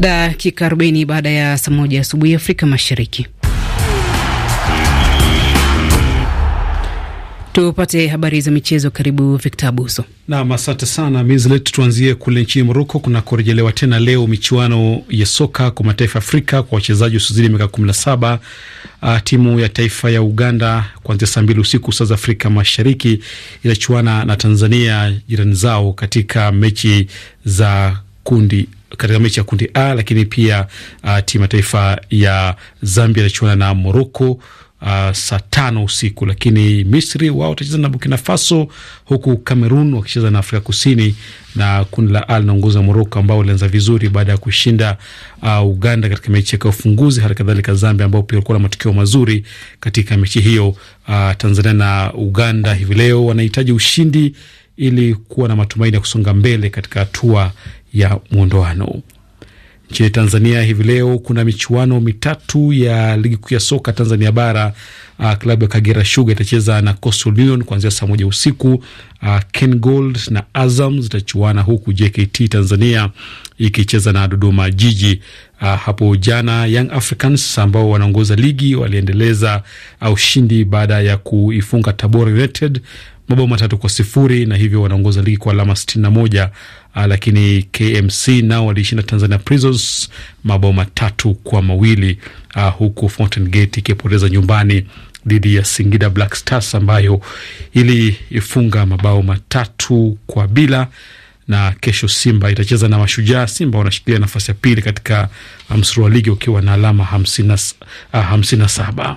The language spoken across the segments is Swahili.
dakika 40 baada ya saa moja asubuhi Afrika Mashariki. Tupate habari za michezo. Karibu Victor Abuso. Nam, asante sana Mizlet. Tuanzie kule nchini Moroko kunakorejelewa tena leo michuano ya soka kwa mataifa Afrika kwa wachezaji wasiozidi miaka kumi na saba. Uh, timu ya taifa ya Uganda kuanzia saa mbili usiku saa za Afrika Mashariki inachuana na Tanzania, jirani zao, katika mechi za kundi katika mechi ya kundi A, lakini pia uh, timu ya taifa ya Zambia itachuana na Moroko Uh, saa tano usiku, lakini Misri wao watacheza na Burkina Faso, huku Cameroon wakicheza na Afrika Kusini, na kundi la A linaongoza Moroko ambao walianza vizuri baada ya kushinda uh, Uganda katika mechi ya ufunguzi. Hali kadhalika Zambia ambao pia walikuwa na matokeo mazuri katika mechi hiyo. Uh, Tanzania na Uganda hivi leo wanahitaji ushindi ili kuwa na matumaini ya kusonga mbele katika hatua ya mwondoano. Nchini Tanzania hivi leo kuna michuano mitatu ya ligi kuu ya soka Tanzania bara. Uh, klabu ya Kagera Sugar itacheza na Coastal Union kuanzia saa moja usiku. Uh, Ken Gold na Azam zitachuana huku JKT Tanzania ikicheza na Dodoma Jiji. Uh, hapo jana Young Africans ambao wanaongoza ligi waliendeleza ushindi baada ya kuifunga Tabora United mabao matatu kwa sifuri na hivyo wanaongoza ligi kwa alama sitini na moja uh, lakini KMC nao walishinda Tanzania Prisons mabao matatu kwa mawili uh, huku Fountain Gate ikipoteza nyumbani dhidi ya Singida Black Stars ambayo iliifunga mabao matatu kwa bila na kesho Simba itacheza na Mashujaa. Simba wanashikilia nafasi ya pili katika ah, msuru wa ligi ukiwa na alama hamsini na saba.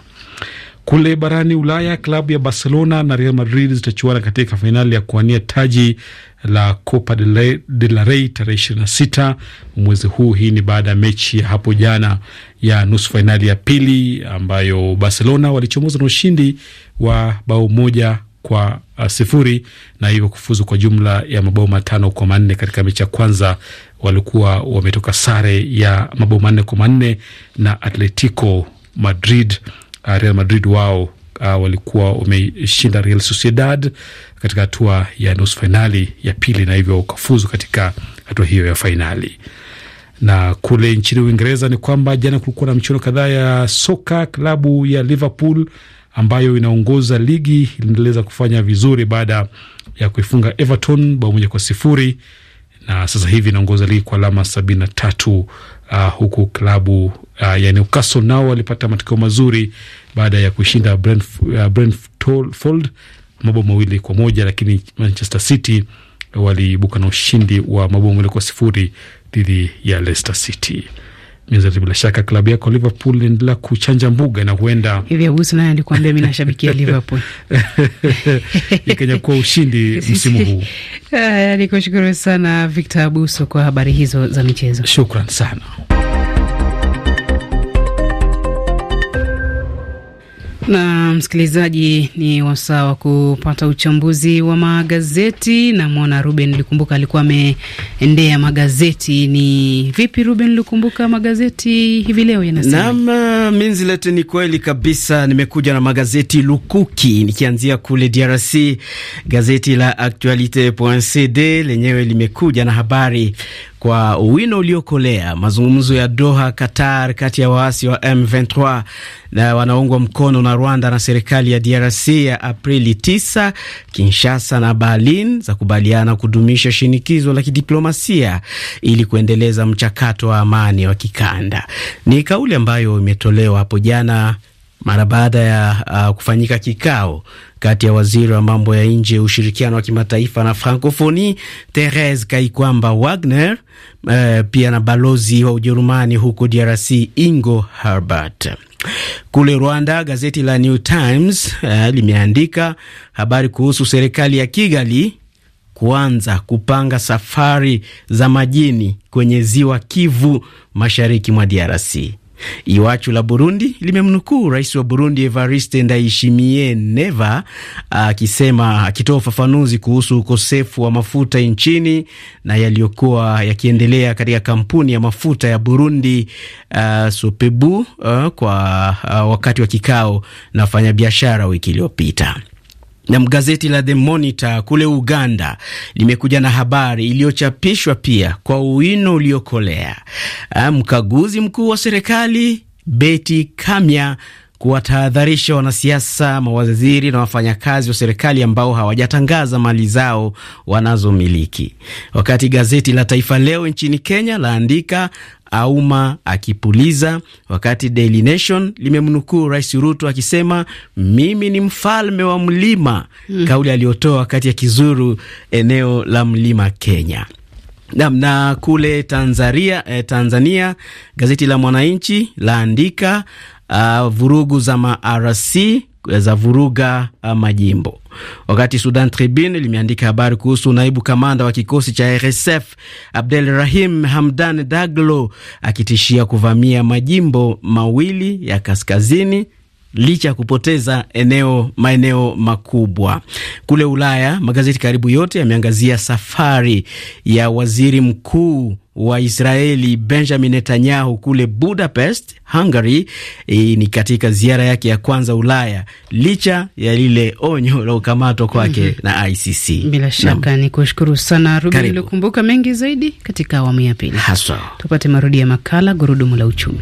Kule barani Ulaya, klabu ya Barcelona na Real Madrid zitachuana katika fainali ya kuwania taji la Copa de la Rey tarehe sita mwezi huu. Hii ni baada ya mechi ya hapo jana ya nusu fainali ya pili ambayo Barcelona walichomoza na ushindi wa bao moja kwa uh, sifuri na hivyo kufuzu kwa jumla ya mabao matano kwa manne. Katika mechi ya kwanza walikuwa wametoka sare ya mabao manne kwa manne na Atletico Madrid Uh, Real Madrid wao Uh, walikuwa wameshinda Real Sociedad katika hatua ya nusu fainali ya pili na hivyo ukafuzu katika hatua hiyo ya fainali. Na kule nchini Uingereza ni kwamba jana kulikuwa na michuano kadhaa ya soka. Klabu ya Liverpool ambayo inaongoza ligi iliendeleza kufanya vizuri baada ya kuifunga Everton bao moja kwa sifuri na sasa hivi inaongoza ligi kwa alama sabini na tatu uh, huku klabu uh, ya Newcastle nao walipata matokeo mazuri baada ya kushinda Brentford uh, mabao mawili kwa moja, lakini Manchester City waliibuka na ushindi wa mabao mawili kwa sifuri dhidi ya Leicester City. Mizeri, bila shaka klabu yako Liverpool inaendelea kuchanja mbuga na huenda hivi abusu naye alikuambia mi nashabikia Liverpool ikanyakua ushindi msimu huu. Nikushukuru sana Victor Abuso kwa habari hizo za michezo, shukran sana. na msikilizaji, ni wasaa wa kupata uchambuzi wa magazeti. Namwona Ruben Likumbuka alikuwa ameendea magazeti. Ni vipi Ruben Likumbuka, magazeti hivi leo yanasema uh, minzilete? Ni kweli kabisa, nimekuja na magazeti lukuki, nikianzia kule DRC. Gazeti la Actualite.cd lenyewe limekuja na habari kwa wino uliokolea mazungumzo ya Doha, Qatar, kati ya waasi wa M23 na wanaungwa mkono na Rwanda na serikali ya DRC ya Aprili 9. Kinshasa na Berlin za kubaliana kudumisha shinikizo la kidiplomasia ili kuendeleza mchakato wa amani wa kikanda. Ni kauli ambayo imetolewa hapo jana mara baada ya uh, kufanyika kikao kati ya waziri wa mambo ya nje, ushirikiano wa kimataifa na Francophonie Therese Kaikwamba Wagner, uh, pia na balozi wa Ujerumani huko DRC Ingo Herbert. Kule Rwanda, gazeti la New Times uh, limeandika habari kuhusu serikali ya Kigali kuanza kupanga safari za majini kwenye ziwa Kivu mashariki mwa DRC. Iwachu la Burundi limemnukuu rais wa Burundi Evariste Ndayishimiye Neva akisema akitoa ufafanuzi kuhusu ukosefu wa mafuta nchini na yaliyokuwa yakiendelea katika kampuni ya mafuta ya Burundi uh, Sopebu uh, kwa uh, wakati wa kikao na wafanyabiashara wiki iliyopita na gazeti la The Monitor kule Uganda limekuja na habari iliyochapishwa pia kwa uwino uliokolea. Ah, mkaguzi mkuu wa serikali Betty Kamya kuwatahadharisha wanasiasa, mawaziri na wafanyakazi wa serikali ambao hawajatangaza mali zao wanazomiliki. Wakati gazeti la Taifa Leo nchini Kenya laandika Auma akipuliza, wakati Daily Nation limemnukuu Rais Ruto akisema mimi ni mfalme wa mlima hmm, kauli aliyotoa wakati akizuru eneo la mlima Kenya. Nam na kule Tanzania, eh, Tanzania gazeti la Mwananchi laandika uh, vurugu za ma eh, za vuruga uh, majimbo. Wakati Sudan Tribune limeandika habari kuhusu naibu kamanda wa kikosi cha RSF Abdel Rahim Hamdan Daglo akitishia kuvamia majimbo mawili ya kaskazini licha ya kupoteza eneo maeneo makubwa. Kule Ulaya, magazeti karibu yote yameangazia safari ya waziri mkuu wa Israeli Benjamin Netanyahu kule Budapest, Hungary. Hii ni katika ziara yake ya kwanza Ulaya licha ya lile onyo la ukamatwa kwake mm -hmm. na ICC. Bila shaka ni kushukuru sana Ruben, uliokumbuka mengi zaidi katika awamu ya pili, haswa tupate marudi ya makala gurudumu la uchumi.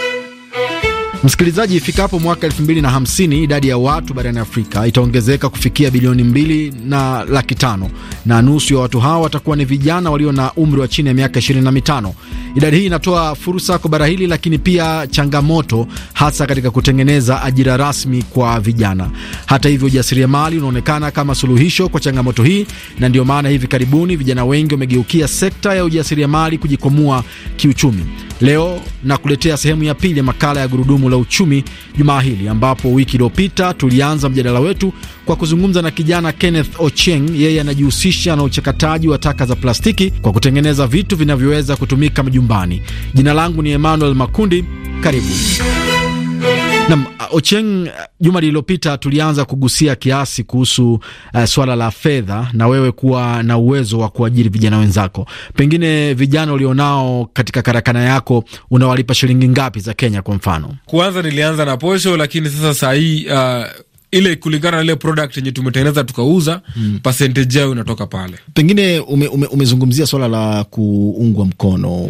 Msikilizaji, ifikapo mwaka 2050 idadi ya watu barani Afrika itaongezeka kufikia bilioni mbili na laki tano na nusu ya watu hawa watakuwa ni vijana walio na umri wa chini ya miaka 25. Idadi hii inatoa fursa kwa bara hili, lakini pia changamoto, hasa katika kutengeneza ajira rasmi kwa vijana. Hata hivyo, ujasiriamali unaonekana kama suluhisho kwa changamoto hii, na ndiyo maana hivi karibuni vijana wengi wamegeukia sekta ya ujasiriamali kujikomua kiuchumi. Leo nakuletea sehemu ya pili ya makala ya gurudumu la uchumi jumaa hili, ambapo wiki iliyopita tulianza mjadala wetu kwa kuzungumza na kijana Kenneth Ocheng. Yeye anajihusisha na uchakataji wa taka za plastiki kwa kutengeneza vitu vinavyoweza kutumika majumbani. Jina langu ni Emmanuel Makundi, karibu. Nam uh, Ocheng, uh, juma lililopita tulianza kugusia kiasi kuhusu uh, swala la fedha na wewe kuwa na uwezo wa kuajiri vijana wenzako. Pengine vijana ulionao katika karakana yako unawalipa shilingi ngapi za Kenya kwa mfano? Kwanza nilianza na posho, lakini sasa sahii uh ile kulingana na ile product yenye tumetengeneza tukauza, mm. percentage yao inatoka pale. Pengine ume, ume, umezungumzia swala la kuungwa mkono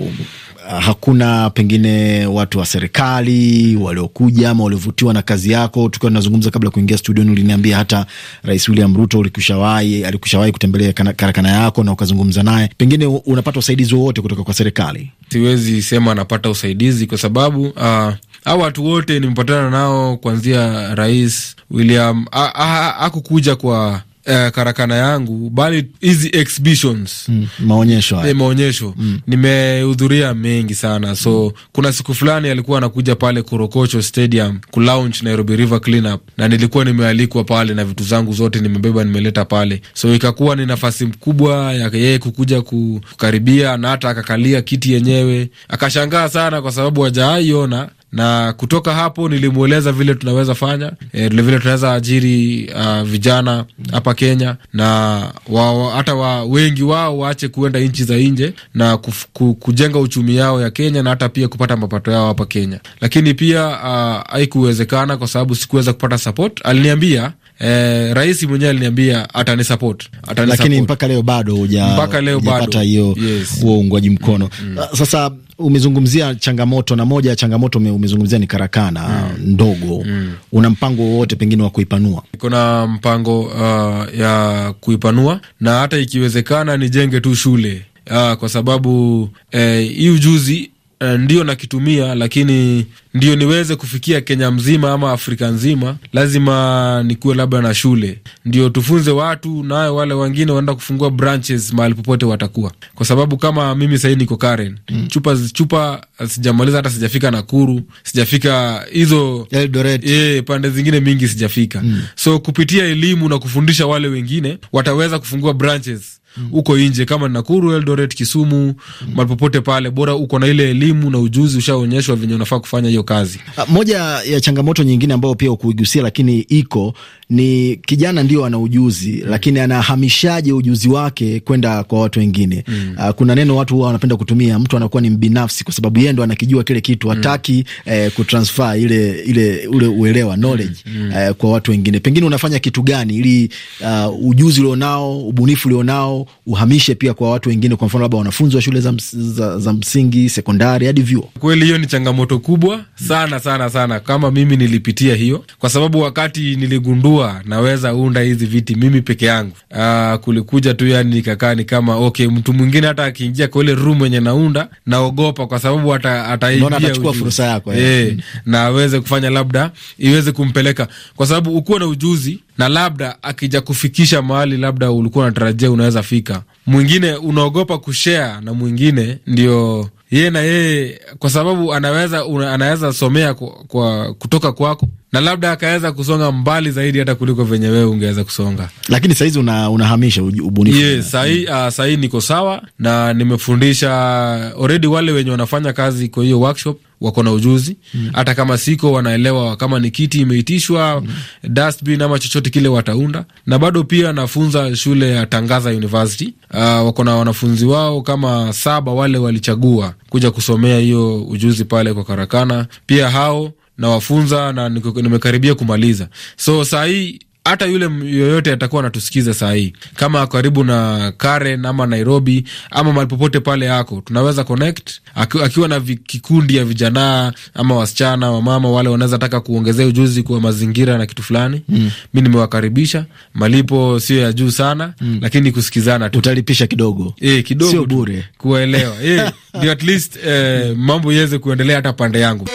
hakuna pengine watu wa serikali waliokuja ama waliovutiwa na kazi yako? Tukiwa tunazungumza kabla ya kuingia studioni, uliniambia hata Rais William Ruto ulikushawahi, alikushawahi kutembelea karakana yako na ukazungumza naye, pengine unapata usaidizi wowote kutoka kwa serikali? Siwezi sema anapata usaidizi kwa sababu uh au watu wote nimepatana nao kuanzia Rais William hakukuja kwa Uh, karakana yangu bali hizi exhibitions mm, maonyesho e, maonyesho mm. Nimehudhuria mengi sana so mm. Kuna siku fulani alikuwa anakuja pale Korokocho Stadium launch Nairobi River Cleanup na nilikuwa nimealikwa pale na vitu zangu zote nimebeba nimeleta pale, so ikakuwa ni nafasi mkubwa ya yeye kukuja kukaribia na hata akakalia kiti yenyewe, akashangaa sana kwa sababu hajaiona na kutoka hapo nilimweleza vile tunaweza fanya eh, e, vilevile tunaweza ajiri uh, vijana hapa Kenya na hata wa, wa, wengi wao waache kuenda nchi za nje na kuf, ku, kujenga uchumi yao ya Kenya na hata pia kupata mapato yao hapa Kenya, lakini pia ah, haikuwezekana uh, kwa sababu sikuweza kupata support. Aliniambia eh, rais mwenyewe aliniambia atanisupport, atanisupport, lakini mpaka leo bado huja mpaka leo bado hata hiyo huo uungwaji mkono mm -hmm. Sasa umezungumzia changamoto na moja ya changamoto umezungumzia ni karakana mm. ndogo mm. Una mpango wowote pengine wa kuipanua? Kuna mpango uh, ya kuipanua na hata ikiwezekana nijenge tu shule Aa, ah, kwa eh, hii eh, ujuzi Eh, ndio nakitumia, lakini ndio niweze kufikia Kenya mzima ama Afrika nzima, lazima nikuwe labda na shule, ndio tufunze watu, nayo wale wengine waenda kufungua branches mahali popote watakuwa, kwa sababu kama mimi sahii niko Karen mm. chupa chupa eh, sijamaliza, hata sijafika Nakuru, sijafika hizo Eldoret, eh, pande zingine mingi sijafika mm. so kupitia elimu na kufundisha wale wengine wataweza kufungua branches huko mm. nje kama Nakuru, Eldoret, Kisumu, mm. malipopote pale, bora uko na ile elimu na ujuzi, ushaonyeshwa venye unafaa kufanya hiyo kazi. A, ah, Moja ya changamoto nyingine ambayo pia ukuigusia, lakini iko ni kijana ndio ana ujuzi, mm. lakini anahamishaje ujuzi wake kwenda kwa watu wengine? Mm. Uh, kuna neno watu huwa wanapenda kutumia, mtu anakuwa ni mbinafsi kwa sababu yeye ndo anakijua kile kitu, mm. hataki mm. eh, kutransfer ile ile ule uelewa knowledge mm. mm. eh, kwa watu wengine. Pengine unafanya kitu gani ili uh, ujuzi ulionao, ubunifu ulionao uhamishe pia kwa watu wengine, kwa mfano labda wanafunzi wa shule za, ms za, za msingi, sekondari hadi vyuo. Kweli hiyo ni changamoto kubwa sana sana sana, kama mimi nilipitia hiyo, kwa sababu wakati niligundua naweza unda hizi viti mimi peke yangu, aa, ah, kulikuja tu yani nikakaa ni kama okay, mtu mwingine hata akiingia kwa ile room yenye naunda naogopa, kwa sababu ataingia atachukua fursa yako, eh. eh, na aweze kufanya labda iweze kumpeleka, kwa sababu ukuwa na ujuzi na labda akija kufikisha mahali labda ulikuwa unatarajia unaweza fika. Mwingine unaogopa kushea na mwingine, ndio ye na yeye, kwa sababu anaweza una, anaweza somea kwa, kwa kutoka kwako na labda akaweza kusonga mbali zaidi hata kuliko venye wewe ungeweza kusonga, lakini sahizi una, unahamisha ubunifu yes, sahii uh, ah, sahi niko sawa na nimefundisha already wale wenye wanafanya kazi kwa hiyo workshop wako na ujuzi mm. hata mm. kama siko wanaelewa, kama ni kiti imeitishwa mm. dustbin ama chochote kile wataunda. Na bado pia nafunza shule ya Tangaza University uh, wako na wanafunzi wao kama saba, wale walichagua kuja kusomea hiyo ujuzi pale kwa karakana. Pia hao nawafunza na nimekaribia kumaliza, so saa hii hata yule yoyote atakuwa anatusikiza saa hii, kama karibu na Karen ama Nairobi ama mahali popote pale yako, tunaweza connect aki, akiwa na kikundi ya vijana ama wasichana wamama wale wanaweza taka kuongezea ujuzi kwa mazingira na kitu fulani mm. Mi nimewakaribisha, malipo sio ya juu sana mm. Lakini kusikizana tu, utalipisha kidogo e, kidogo sio bure, kuwaelewa e, eh, ndio at least eh, mambo iweze kuendelea hata pande yangu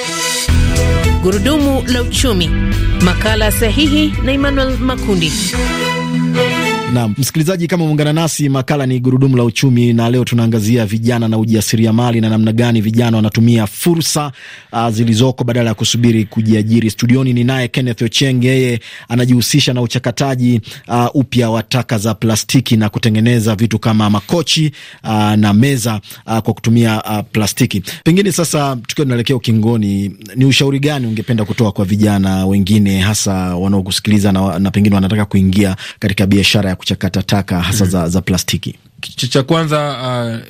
Gurudumu la uchumi, makala sahihi na Emmanuel Makundi. Naam, msikilizaji, kama umeungana nasi, makala ni gurudumu la uchumi, na leo tunaangazia vijana na ujasiriamali na namna gani vijana wanatumia fursa uh, zilizoko badala ya kusubiri kujiajiri. Studioni ni naye Kenneth Ocheng, yeye anajihusisha na uchakataji uh, upya wa taka za plastiki na kutengeneza vitu kama makochi uh, na meza uh, kwa kutumia uh, plastiki. Pengine sasa, tukiwa tunaelekea ukingoni, ni ushauri gani ungependa kutoa kwa vijana wengine, hasa wanaokusikiliza na, na pengine wanataka kuingia katika biashara kuchakata taka hasa mm za, za plastiki? Kitu cha kwanza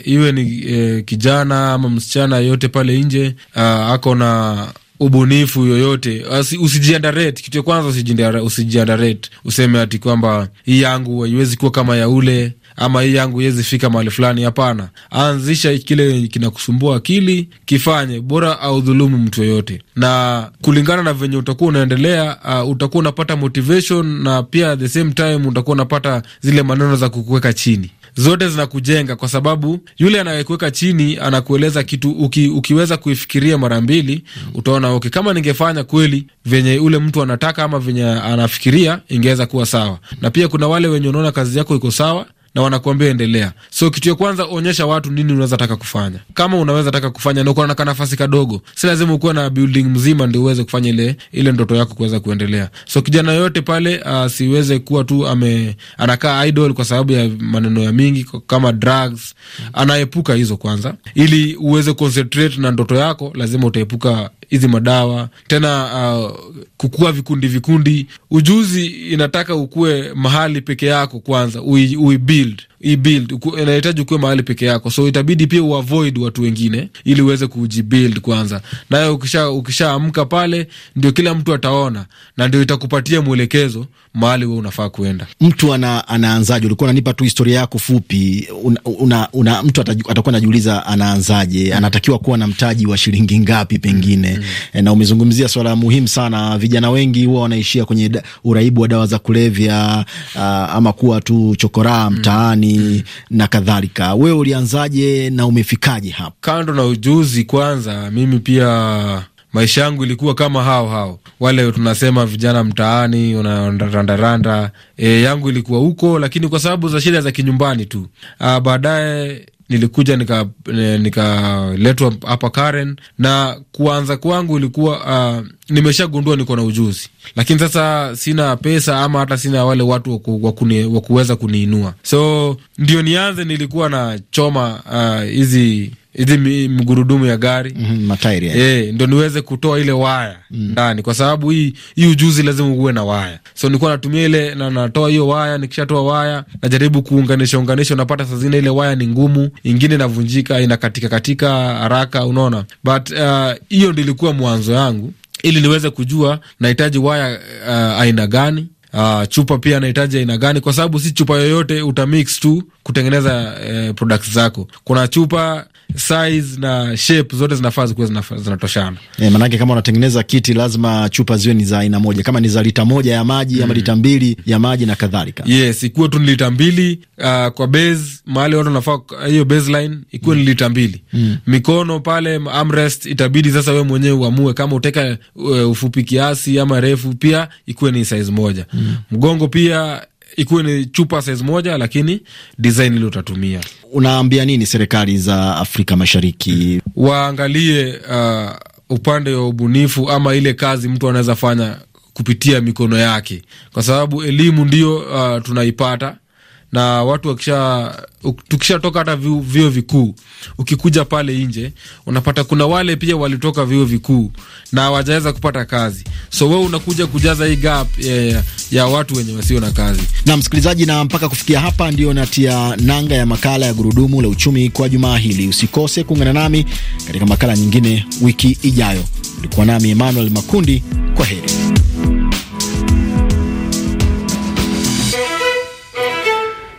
uh, iwe ni eh, kijana ama msichana yoyote pale nje uh, ako na ubunifu yoyote usijiandarate. Kitu cha kwanza usijiandarate, useme ati kwamba hii yangu haiwezi kuwa kama ya ule ama hii yangu iwezi fika mahali fulani. Hapana, anzisha kile kinakusumbua akili, kifanye bora au dhulumu mtu yoyote, na kulingana na venye utakuwa unaendelea, uh, utakuwa unapata motivation na pia the same time utakuwa unapata zile maneno za kukuweka chini zote zinakujenga kwa sababu yule anayekuweka chini anakueleza kitu uki, ukiweza kuifikiria mara mbili mm. Utaona okay, kama ningefanya kweli venye ule mtu anataka ama venye anafikiria ingeweza kuwa sawa. Na pia kuna wale wenye unaona kazi yako iko sawa, na wanakuambia endelea. So kitu ya kwanza, onyesha watu nini unaweza taka kufanya. Kama unaweza taka kufanya na uko na nafasi kadogo, si lazima ukuwe na building mzima ndio uweze kufanya ile ile ndoto yako kuweza kuendelea. So kijana yote pale asiweze ah, kuwa tu ame anakaa idol kwa sababu ya maneno ya mingi kama drugs, anaepuka hizo kwanza, ili uweze concentrate na ndoto yako, lazima utaepuka hizi madawa tena. Uh, kukua vikundi vikundi, ujuzi inataka ukue mahali peke yako kwanza, ui, ui build ibuild inahitaji kuwe mahali peke yako, so itabidi pia uavoid watu wengine ili uweze kujibuild kwanza. Nayo ukisha ukishaamka pale, ndio kila mtu ataona na ndio itakupatia mwelekezo mahali wewe unafaa kuenda. Mtu ana, anaanzaje? Ulikuwa unanipa tu historia yako fupi, una, una, una mtu atakuwa anajiuliza anaanzaje, mm. anatakiwa kuwa na mtaji wa shilingi ngapi pengine? mm -hmm. Na umezungumzia swala muhimu sana. Vijana wengi huwa wanaishia kwenye uraibu wa dawa za kulevya, uh, ama kuwa tu chokoraa mm. mtaani mitaani mm. na kadhalika. Wewe ulianzaje na umefikaje hapa? Kando na ujuzi, kwanza mimi pia maisha yangu ilikuwa kama hao hao wale tunasema vijana mtaani unarandaranda. E, yangu ilikuwa huko, lakini kwa sababu za shida za kinyumbani tu. Ah, baadaye nilikuja nikaletwa nika hapa Karen, na kuanza kwangu ilikuwa uh, nimeshagundua niko na ujuzi, lakini sasa sina pesa ama hata sina wale watu wa kuweza kuniinua, so ndio nianze, nilikuwa na choma uh, hizi uh, hizi mgurudumu ya gari mm -hmm, matairi eh, ndo niweze kutoa ile waya mm. ndani mm. Kwa sababu hii hii ujuzi lazima uwe na waya, so nikuwa natumia ile na natoa hiyo waya. Nikishatoa waya najaribu kuunganisha unganisha, unapata saa zingine ile waya ni ngumu, ingine inavunjika inakatika katika haraka, unaona but uh, hiyo uh, ndo ilikuwa mwanzo yangu ili niweze kujua nahitaji waya uh, aina gani Uh, chupa pia anahitaji aina gani, kwa sababu si chupa yoyote utamix tu kutengeneza eh, products zako. Kuna chupa size na shape zote zinafaa zikuwe zinatoshana. Yeah, maanake kama unatengeneza kiti lazima chupa ziwe ni za aina moja, kama ni za lita moja ya maji mm, ama mm-hmm. lita mbili ya maji na kadhalika. Yes, ikuwe tu ni lita mbili uh, kwa base mahali watu wanafaa hiyo baseline ikuwe mm, ni lita mbili mm. Mikono pale armrest itabidi sasa we mwenyewe uamue kama utaka uh, eh, ufupi kiasi ama refu, pia ikuwe ni size moja mm mm. Mgongo pia ikuwe ni chupa size moja, lakini design ile utatumia. Unaambia nini serikali za Afrika Mashariki? Waangalie uh, upande wa ubunifu ama ile kazi mtu anaweza fanya kupitia mikono yake, kwa sababu elimu ndio uh, tunaipata na watu wakisha, tukishatoka hata vio vikuu, ukikuja pale nje unapata kuna wale pia walitoka vio vikuu na wajaweza kupata kazi, so wewe unakuja kujaza hii gap ya, eh, ya watu wenye wasio na kazi. Na msikilizaji, na mpaka kufikia hapa ndio natia nanga ya makala ya gurudumu la uchumi kwa jumaa hili. Usikose kuungana nami katika makala nyingine wiki ijayo. Ulikuwa nami Emmanuel Makundi, kwa heri.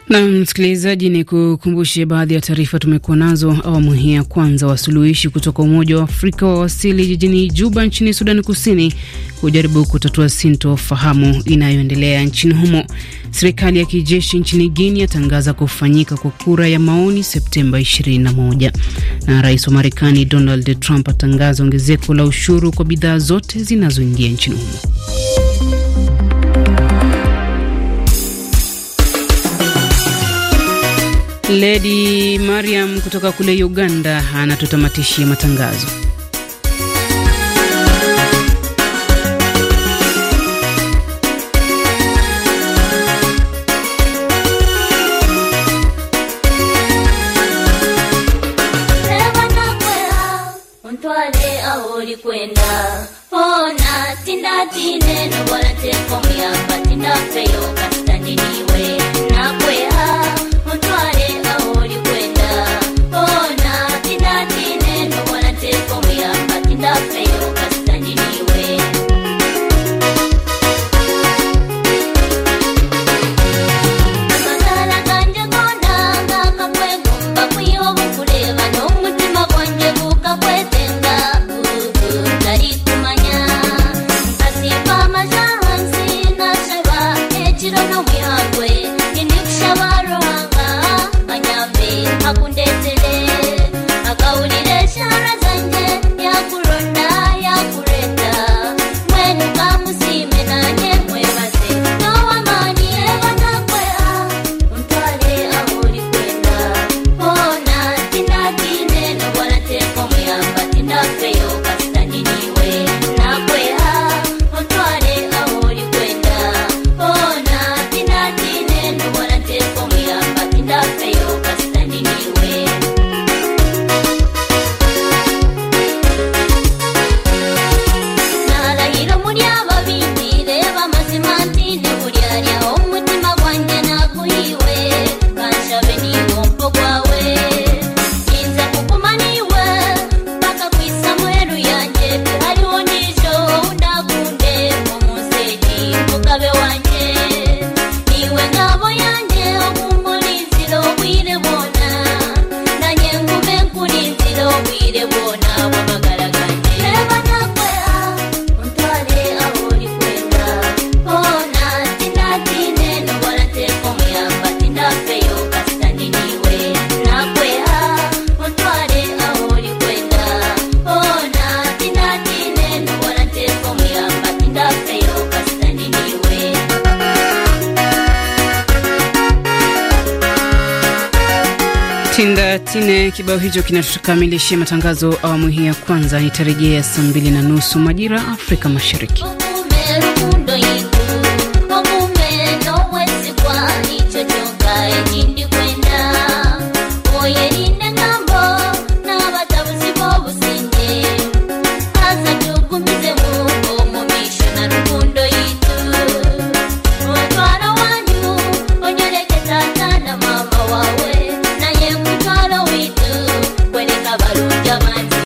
Na msikilizaji, ni kukumbushe baadhi ya taarifa tumekuwa nazo awamu hii ya kwanza. Wasuluhishi kutoka Umoja wa Afrika wawasili jijini Juba nchini Sudani Kusini kujaribu kutatua sintofahamu inayoendelea nchini humo. Serikali ya kijeshi nchini Guinea yatangaza kufanyika kwa kura ya maoni Septemba 21, na rais wa Marekani Donald Trump atangaza ongezeko la ushuru kwa bidhaa zote zinazoingia nchini humo. Lady Mariam kutoka kule Uganda anatutamatishia matangazo. Kwenda pona tinda tineno wala teko myamba tinda peyoka Platine. Kibao hicho kinatukamilishia matangazo awamu hii ya kwanza. Nitarejea saa mbili na nusu majira Afrika Mashariki.